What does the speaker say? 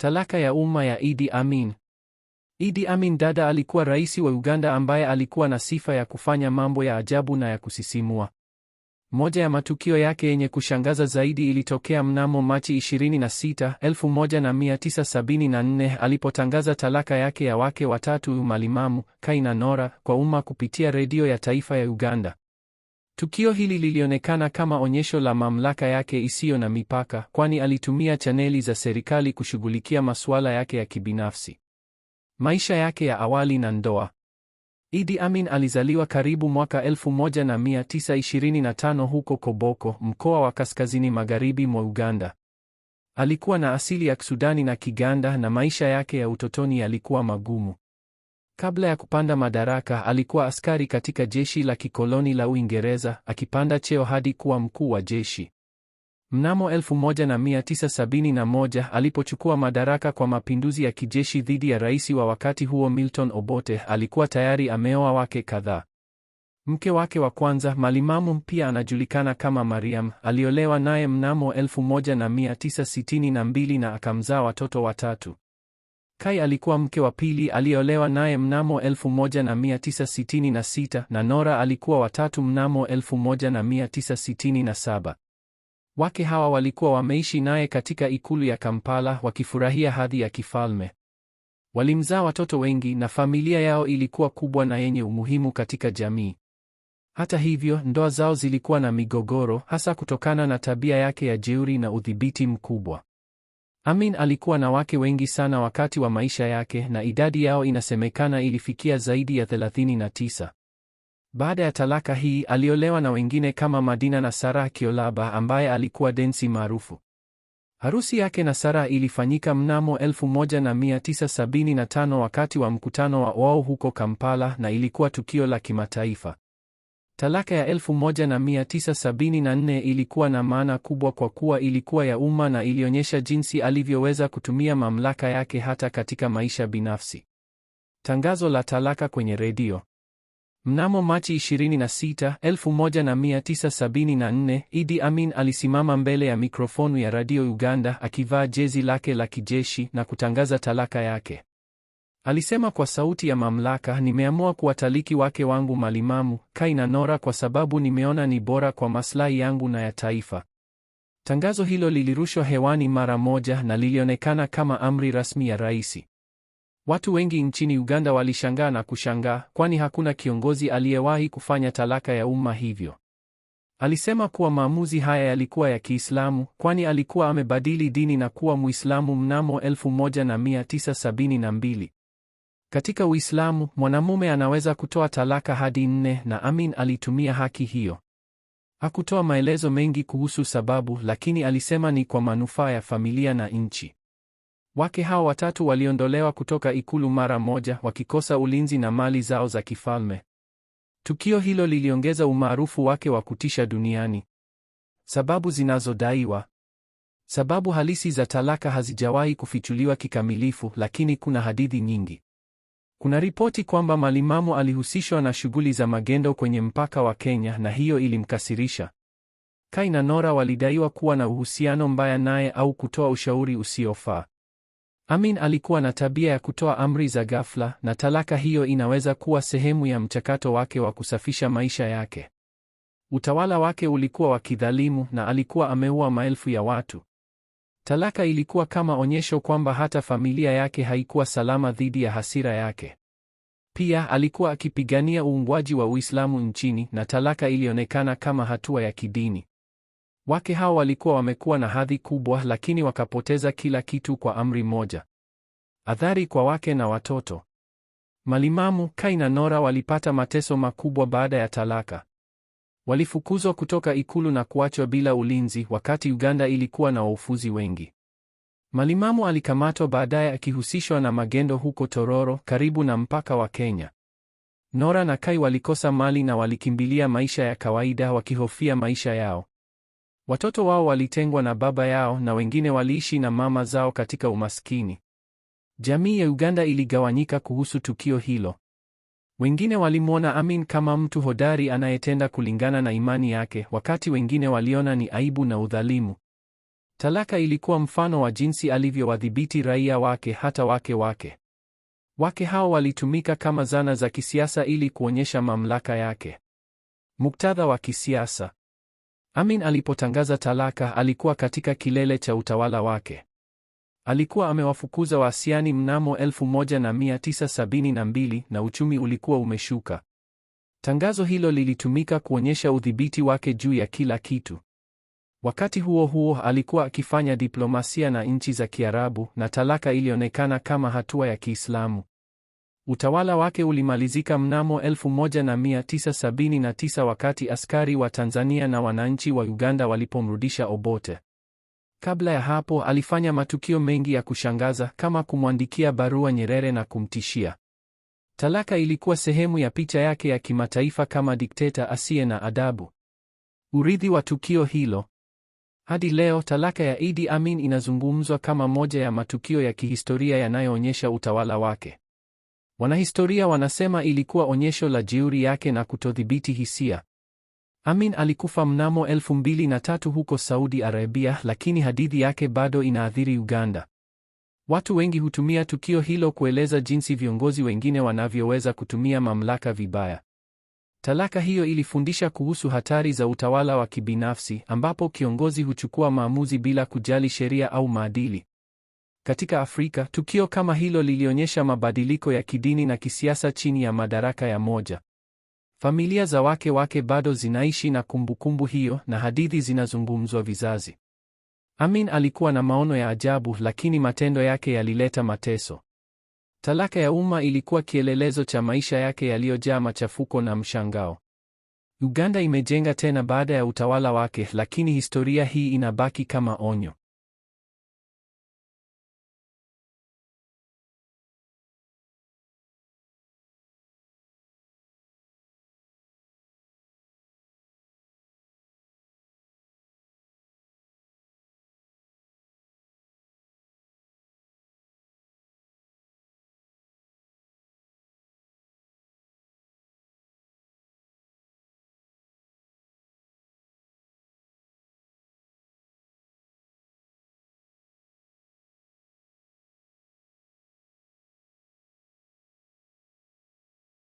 Talaka ya umma ya Idi Amin. Idi Amin Dada alikuwa rais wa Uganda ambaye alikuwa na sifa ya kufanya mambo ya ajabu na ya kusisimua. Moja ya matukio yake yenye kushangaza zaidi ilitokea mnamo Machi 26, 1974 alipotangaza talaka yake ya wake watatu Malimamu, Kai na Nora kwa umma kupitia redio ya taifa ya Uganda. Tukio hili lilionekana kama onyesho la mamlaka yake isiyo na mipaka, kwani alitumia chaneli za serikali kushughulikia masuala yake ya kibinafsi. Maisha yake ya awali na ndoa. Idi Amin alizaliwa karibu mwaka 1925 huko Koboko, mkoa wa kaskazini magharibi mwa Uganda. Alikuwa na asili ya Sudani na Kiganda na maisha yake ya utotoni yalikuwa magumu. Kabla ya kupanda madaraka, alikuwa askari katika jeshi la kikoloni la Uingereza, akipanda cheo hadi kuwa mkuu wa jeshi. Mnamo 1971 alipochukua madaraka kwa mapinduzi ya kijeshi dhidi ya rais wa wakati huo Milton Obote, alikuwa tayari ameoa wake kadhaa. Mke wake wa kwanza Malimamu, pia anajulikana kama Mariam, aliolewa naye mnamo 1962 na akamzaa watoto watatu. Kai alikuwa mke wa pili aliyeolewa naye mnamo 1966 na Nora alikuwa watatu mnamo 1967. Wake hawa walikuwa wameishi naye katika ikulu ya Kampala wakifurahia hadhi ya kifalme. Walimzaa watoto wengi na familia yao ilikuwa kubwa na yenye umuhimu katika jamii. Hata hivyo, ndoa zao zilikuwa na migogoro, hasa kutokana na tabia yake ya jeuri na udhibiti mkubwa. Amin alikuwa na wake wengi sana wakati wa maisha yake na idadi yao inasemekana ilifikia zaidi ya 39. Baada ya talaka hii aliolewa na wengine kama Madina na Sara Kiolaba ambaye alikuwa densi maarufu. Harusi yake na Sara ilifanyika mnamo 1975 wakati wa mkutano wa wao huko Kampala na ilikuwa tukio la kimataifa. Talaka ya 1974 ilikuwa na maana kubwa kwa kuwa ilikuwa ya umma na ilionyesha jinsi alivyoweza kutumia mamlaka yake hata katika maisha binafsi. Tangazo la talaka kwenye redio. Mnamo Machi 26, 1974, Idi Amin alisimama mbele ya mikrofonu ya Radio Uganda akivaa jezi lake la kijeshi na kutangaza talaka yake. Alisema kwa sauti ya mamlaka, nimeamua kuwataliki wake wangu Malimamu, Kai na Nora kwa sababu nimeona ni bora kwa maslahi yangu na ya taifa. Tangazo hilo lilirushwa hewani mara moja na lilionekana kama amri rasmi ya rais. Watu wengi nchini Uganda walishangaa na kushangaa, kwani hakuna kiongozi aliyewahi kufanya talaka ya umma hivyo. Alisema kuwa maamuzi haya yalikuwa ya Kiislamu, kwani alikuwa amebadili dini na kuwa Muislamu mnamo 1972. Katika Uislamu, mwanamume anaweza kutoa talaka hadi nne na Amin alitumia haki hiyo. Hakutoa maelezo mengi kuhusu sababu, lakini alisema ni kwa manufaa ya familia na nchi. Wake hao watatu waliondolewa kutoka ikulu mara moja, wakikosa ulinzi na mali zao za kifalme. Tukio hilo liliongeza umaarufu wake wa kutisha duniani. Sababu zinazodaiwa. Sababu halisi za talaka hazijawahi kufichuliwa kikamilifu, lakini kuna hadithi nyingi. Kuna ripoti kwamba malimamu alihusishwa na shughuli za magendo kwenye mpaka wa Kenya na hiyo ilimkasirisha. Kai na Nora walidaiwa kuwa na uhusiano mbaya naye au kutoa ushauri usiofaa. Amin alikuwa na tabia ya kutoa amri za ghafla na talaka hiyo inaweza kuwa sehemu ya mchakato wake wa kusafisha maisha yake. Utawala wake ulikuwa wa kidhalimu na alikuwa ameua maelfu ya watu. Talaka ilikuwa kama onyesho kwamba hata familia yake haikuwa salama dhidi ya hasira yake. Pia alikuwa akipigania uungwaji wa Uislamu nchini na talaka ilionekana kama hatua ya kidini. Wake hao walikuwa wamekuwa na hadhi kubwa lakini wakapoteza kila kitu kwa amri moja. Athari kwa wake na watoto. Malimamu kaina na Nora walipata mateso makubwa baada ya talaka. Walifukuzwa kutoka ikulu na kuachwa bila ulinzi wakati Uganda ilikuwa na waufuzi wengi. Malimamu alikamatwa baadaye akihusishwa na magendo huko Tororo karibu na mpaka wa Kenya. Nora na Kai walikosa mali na walikimbilia maisha ya kawaida wakihofia maisha yao. Watoto wao walitengwa na baba yao na wengine waliishi na mama zao katika umaskini. Jamii ya Uganda iligawanyika kuhusu tukio hilo. Wengine walimwona Amin kama mtu hodari anayetenda kulingana na imani yake, wakati wengine waliona ni aibu na udhalimu. Talaka ilikuwa mfano wa jinsi alivyowadhibiti raia wake, hata wake wake. Wake hao walitumika kama zana za kisiasa ili kuonyesha mamlaka yake. Muktadha wa kisiasa. Amin alipotangaza talaka alikuwa katika kilele cha utawala wake. Alikuwa amewafukuza Waasiani mnamo 1972 na uchumi ulikuwa umeshuka. Tangazo hilo lilitumika kuonyesha udhibiti wake juu ya kila kitu. Wakati huo huo, alikuwa akifanya diplomasia na nchi za Kiarabu na talaka ilionekana kama hatua ya Kiislamu. Utawala wake ulimalizika mnamo 1979 wakati askari wa Tanzania na wananchi wa Uganda walipomrudisha Obote. Kabla ya hapo alifanya matukio mengi ya kushangaza kama kumwandikia barua Nyerere na kumtishia. Talaka ilikuwa sehemu ya picha yake ya kimataifa kama dikteta asiye na adabu. Urithi wa tukio hilo. Hadi leo talaka ya Idi Amin inazungumzwa kama moja ya matukio ya kihistoria yanayoonyesha utawala wake. Wanahistoria wanasema ilikuwa onyesho la jeuri yake na kutodhibiti hisia. Amin alikufa mnamo 2003 huko Saudi Arabia, lakini hadithi yake bado inaathiri Uganda. Watu wengi hutumia tukio hilo kueleza jinsi viongozi wengine wanavyoweza kutumia mamlaka vibaya. Talaka hiyo ilifundisha kuhusu hatari za utawala wa kibinafsi ambapo kiongozi huchukua maamuzi bila kujali sheria au maadili. Katika Afrika, tukio kama hilo lilionyesha mabadiliko ya kidini na kisiasa chini ya madaraka ya moja. Familia za wake wake bado zinaishi na kumbukumbu hiyo na hadithi zinazungumzwa vizazi. Amin alikuwa na maono ya ajabu lakini matendo yake yalileta mateso. Talaka ya umma ilikuwa kielelezo cha maisha yake yaliyojaa machafuko na mshangao. Uganda imejenga tena baada ya utawala wake, lakini historia hii inabaki kama onyo.